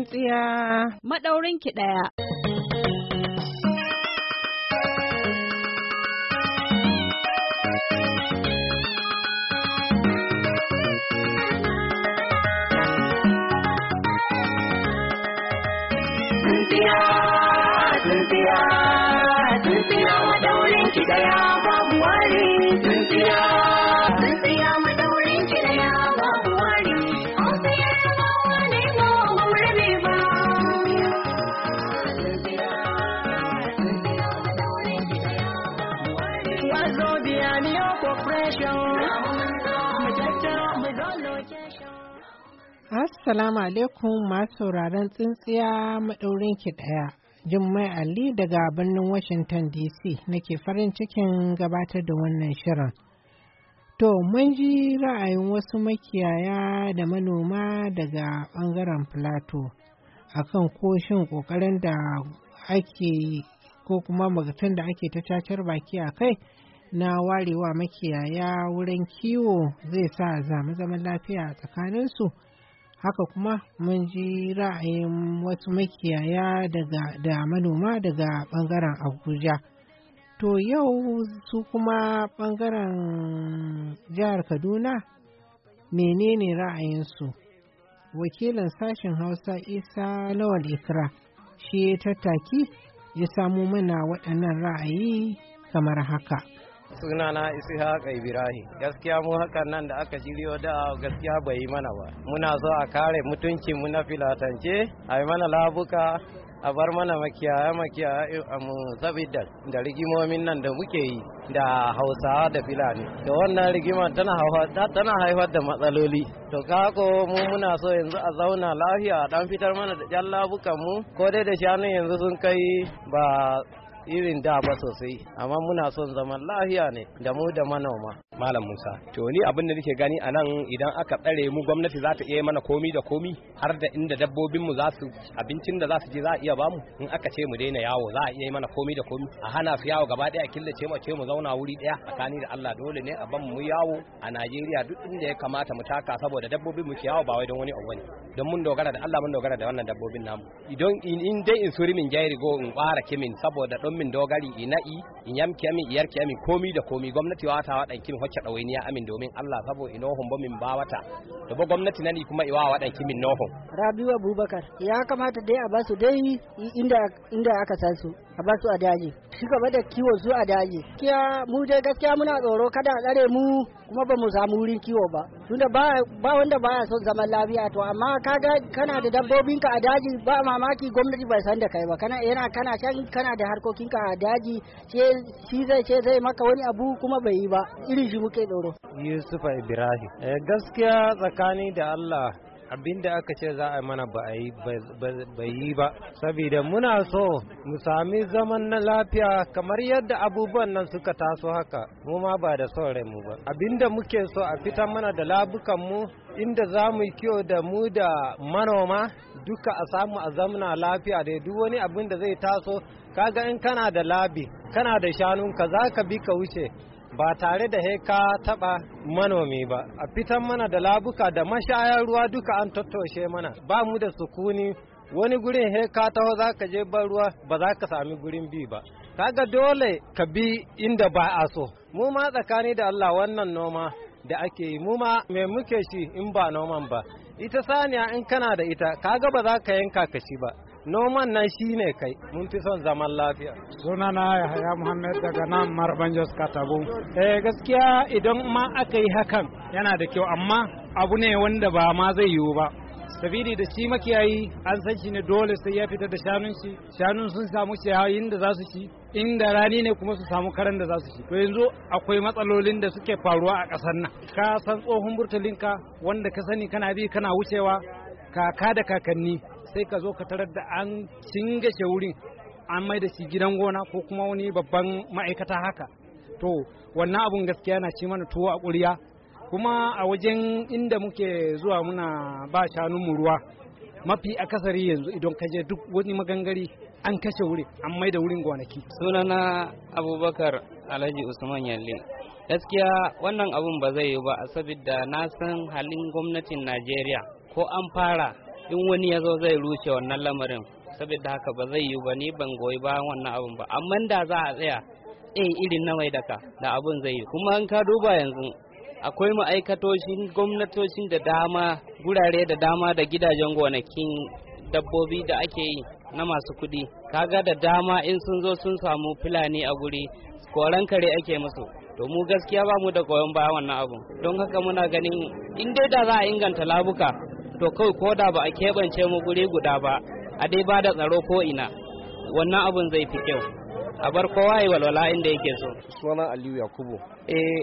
Auren tsiya. Maɗaurin ki ɗaya. Tsintsiya, tsintsiya, tsintsiya maɗaurin ki ɗaya babu wani. Tsintsiya, tsintsiya maɗaurin Assalamu alaikum masu sauraron tsintsiya maɗaurin ki ɗaya. Jummai Ali daga birnin Washington DC nake farin cikin gabatar da wannan shirin. To, mun ji ra'ayin wasu makiyaya da manoma daga ɓangaren Plateau kan koshin ƙoƙarin da ake ko kuma magatun da ake ta cacar baki a kai na warewa makiyaya wurin kiwo zai sa zama zaman lafiya a tsakaninsu haka kuma mun ji ra'ayin wasu makiyaya da manoma daga bangaren abuja to yau su kuma bangaren jihar kaduna menene ra'ayinsu wakilin sashen hausa isa lawal ikra shi tattaki ya samu mana waɗannan ra'ayi kamar haka sunana ishaq ibrahim gaskiya mu hakan nan da aka shiryo da gaskiya bai yi mana ba muna so a kare mutuncin mu na filatance a yi mana labuka a bar mana makiyaya makiyaya mu sabida da rigimomin nan da muke yi da hausawa da filani da wannan rigima tana haifar da matsaloli to kako mu muna so yanzu a zauna lafiya dan fitar mana da jan labukan mu ko dai da shanu yanzu sun kai ba irin da ba sosai amma muna son zaman lafiya ne da mu da manoma malam musa to ni abin da nake gani anan idan aka tsare mu gwamnati za ta iya mana komi da komi har da inda dabbobin mu za su abincin da za su je za a iya bamu in aka ce mu daina yawo za a iya mana komi da komi a hana su yawo gaba daya killace mu ce mu zauna wuri daya tsakani da Allah dole ne a ban mu yawo a Najeriya duk inda ya kamata mu taka saboda dabbobin mu ke yawo ba wai don wani abu don mun dogara da Allah mun dogara da wannan dabbobin namu idan in dai in suri min jairi go in fara kimin saboda don min dogari ina'i in yam kemi iyar kemi komi da komi gwamnati wa ta wadan kin hocce dawainiya amin domin Allah sabo hon ba min bawata da ba gwamnati nani kuma iwa wadan kin min Rabi Rabiu Abubakar ya kamata dai a ba su dai inda inda aka san su a ba su a daji shi gaba da kiwo su a daji kiya mu dai gaskiya muna tsoro kada a tsare mu kuma ba mu samu wurin kiwo ba tunda ba ba wanda baya son zaman lafiya to amma kaga kana da dabbobinka a daji ba mamaki gwamnati bai san da kai ba kana yana kana shan kana da harkoki ka a daji shi zai ce zai maka wani abu kuma bai yi ba irin shi muke tsoro yusufa ibrahim eh, gaskiya tsakani da allah abin da aka ce za a mana ba yi ba saboda muna so mu sami zaman na lafiya kamar yadda abubuwan nan suka taso haka mu ma ba da son mu ba abin da muke so a fitar mana da labukan mu inda za mu kyau da mu da manoma duka a samu a zamna lafiya da duk wani abin da zai taso kaga in kana da labi kana da shanu za ka bi ka wuce ba tare da he ka taba manomi ba a fitan mana da labuka da mashayar ruwa duka an tattoshe mana ba mu da sukuni wani gurin he ka taho za ka je ban ruwa ba za ka sami gurin bi ba kaga dole ka bi inda ba a so mu ma tsakani da Allah wannan noma da ake yi mu ma me muke shi in ba noman ba ita saniya in kana da ita kaga ba za ka yanka ka shi ba noman nan shi ne kai mun fi son zaman lafiya suna na yahaya muhammad daga nan marban jos katabu eh gaskiya idan ma aka yi hakan yana da kyau amma abu ne wanda ba ma zai yiwu ba sabidi da shi makiyayi an san shi ne dole sai ya fita da shanun shi shanun sun samu ciyayin da za su ci inda rani ne kuma su samu karen da za su shi to yanzu akwai matsalolin da suke faruwa a ƙasar nan ka san tsohon burtulinka wanda ka sani kana bi kana wucewa kaka da kakanni sai ka zo ka tarar da an cingashe wurin an mai da shi gidan gona ko kuma wani babban ma'aikata haka to wannan abun gaskiya na ci mana tuwo a ƙuriya kuma a wajen inda muke zuwa muna ba shanunmu ruwa mafi akasari yanzu idan ka je duk wani magangari an kashe wurin an da wurin gonaki sunana abubakar alhaji usman yalle gaskiya wannan abun ba zai yi ba saboda na san halin gwamnatin najeriya ko an fara in wani ya zo zai rushe wannan lamarin saboda haka ba zai yi ba ni ban goyi ba wannan abun ba amma da za a tsaya in eh, irin na mai daka da abun zai yi kuma an ka duba yanzu akwai ma'aikatoshin gwamnatoshin da dama gurare da dama da gidajen gonakin dabbobi da ake yi na masu kuɗi kaga da dama in sun zo sun samu fulani a guri koran kare ake musu to mu gaskiya ba mu da koyon baya wannan abu don haka muna ganin in dai da za a inganta labuka to kawai ko da ba a keɓance mu guri guda ba a dai ba da tsaro ko ina wannan abun zai fi kyau a bar kowa ya walwala inda yake so suna aliyu yakubu eh,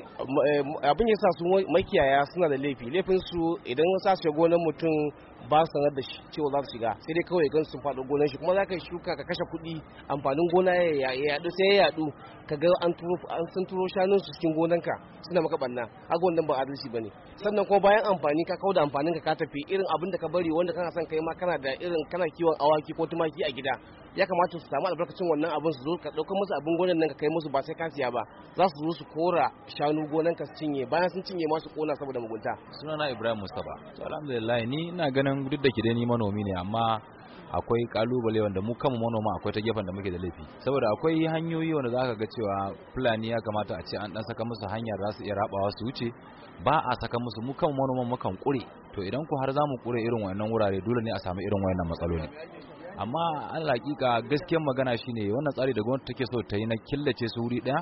eh abin yasa su makiyaya suna da laifi laifin su idan sa su mutum ba su sanar da shi cewa za su shiga sai dai kawai gan sun faɗo gonar shi kuma za ka shuka ka kashe kuɗi amfanin gona ya yaɗu sai ya yaɗu ka ga an turo an sun turo shanun su cikin gonanka suna maka a aga wannan ba adalci bane sannan kuma bayan amfani ka kauda amfanin ka ka tafi irin abin da ka bari wanda kana son kai ma kana da irin kana kiwon awaki ko tumaki a gida ya kamata su samu albarkacin wannan abin su zo ka ɗauka musu abin gonan nan ka kai musu ba sai ka siya ba za su zo su kora shanu gonar ka su cinye bayan sun cinye ma su kona saboda mugunta sunana Ibrahim Mustapha to alhamdulillah ni ina ganin nan duk da ke dai ni manomi ne amma akwai kalubale wanda mu kanmu manoma akwai ta gefen da muke da laifi saboda akwai hanyoyi wanda zaka ga cewa fulani ya kamata a ce an dan saka musu hanya da za su iya rabawa su wuce ba a saka musu mu kanmu mu kan kure to idan ku har zamu kure irin wannan wurare dole ne a samu irin wannan matsaloli amma Allah hakika gaskiyar magana shine wannan tsari da gwamnati take so ta yi na killace su wuri daya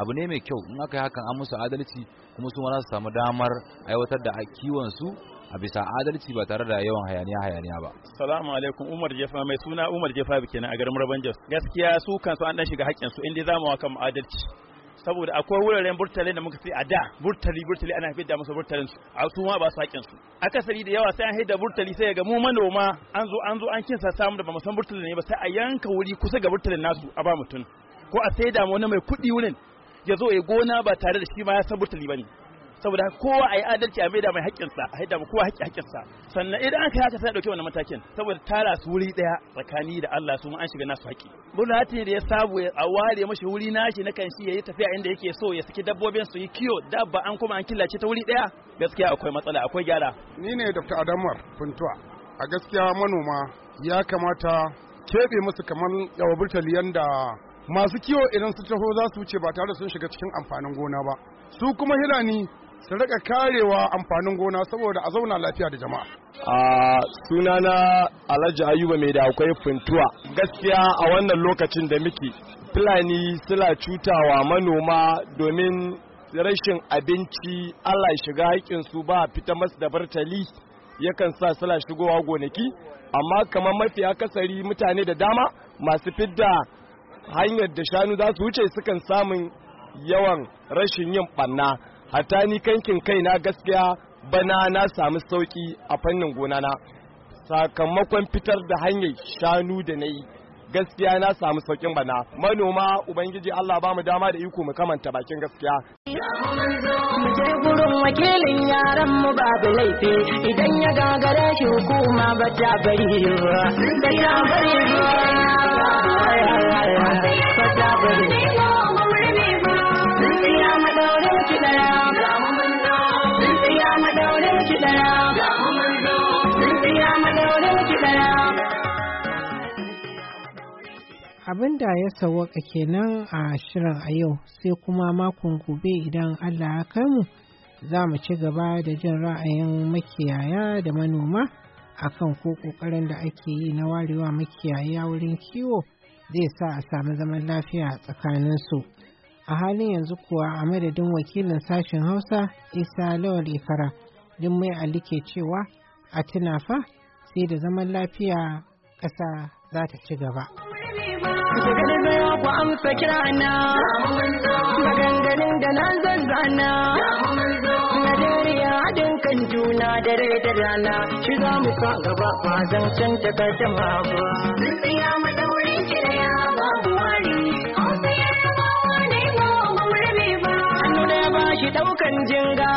abu ne mai kyau in aka yi hakan an musu adalci kuma su ma za su samu damar aiwatar da kiwon su a bisa adalci ba tare da yawan hayaniya hayaniya ba salamu alaikum umar jefa mai suna umar jefa bikin a garin Murban jos gaskiya su kansu an dan shiga haƙƙin su inda zamu waka mu adalci saboda akwai wuraren burtali da muka sai a da burtali burtali ana fidda musu burtalin su a su ma ba su haƙƙin su akasari da yawa sai an haida burtali sai ga mu manoma an zo an zo an kinsa samu da ba mu san burtali ne ba sai a yanka wuri kusa ga burtalin nasu a ba mutum ko a sai da wani mai kuɗi wurin ya zo ya gona ba tare da shi ma ya san burtali ba ne saboda kowa a yi adalci a maida mai haƙƙinsa a haida kowa haƙƙi haƙƙinsa sannan idan aka yi haka sai ɗauki wannan matakin saboda tara su wuri ɗaya tsakani da Allah su an shiga nasu haƙƙi bulati da ya sabu a ware mashi wuri nashi na kan shi yayi tafiya inda yake so ya saki dabbobin su yi kiyo dabba an kuma an killace ta wuri ɗaya gaskiya akwai matsala akwai gyara ni ne Dr. Adamar Funtuwa a gaskiya manoma ya kamata keɓe musu kamar burtali yanda masu kiwo idan su taho za su wuce ba tare da sun shiga cikin amfanin gona ba su kuma hirani su rika karewa amfanin gona saboda a zauna lafiya da jama'a. A sunana Alhaji Ayuba mai da akwai funtuwa. Gaskiya a wannan lokacin da muke Fulani suna cutawa manoma domin rashin abinci Allah shiga haƙinsu ba fita masu da bartali yakan sa suna shigowa gonaki amma kamar mafi akasari mutane da dama masu fidda hanyar da shanu za su wuce sukan samun yawan rashin yin ɓanna hatta ni kankin na gaskiya bana na samu sauki a fannin gona na sakamakon fitar da hanyar shanu da na yi gaskiya na samu saukin bana manoma ubangiji Allah ba mu dama da iko mu kamanta bakin gaskiya mu je gurin wakilin yaran mu babu laifi idan ya gagare shi hukuma ba ta bari ba ta bari ba ta bari Abin da ya sawaka kenan a shirin a yau sai kuma makon gobe idan Allah ya kai mu za mu ci gaba da jin ra'ayin makiyaya da manoma akan ko kokarin da ake yi na warewa makiyaya wurin kiwo zai sa a sami zaman lafiya tsakaninsu. su. a halin yanzu kuwa a madadin wakilin sashen hausa isa lawal ifara din mai ali ke cewa a tuna sai da zaman lafiya ƙasa za ta ci gaba Maganganun da na kan juna da rai da rana, shi za mu sa gaba ba zan canta ta jama'a ba. Zan tsaya mu ki daukan jinga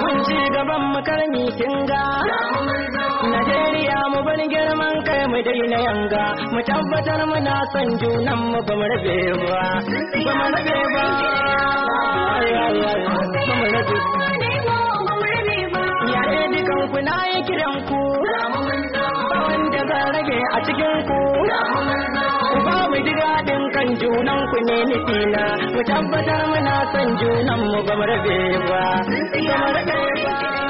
mun ci gaban mu karmi kinga Najeriya mu bar girman kai mu daina yanga mu tabbatar muna son junan mu ba mu rabe ba ba mu rabe ba ba mu rabe ba ya dukan ku na yi kiran ku a cikin ku ku ba mu ji daɗin kan junan ku ne nufi mu tabbatar muna son junan mu ba mu rabe ba ba mu rabe ba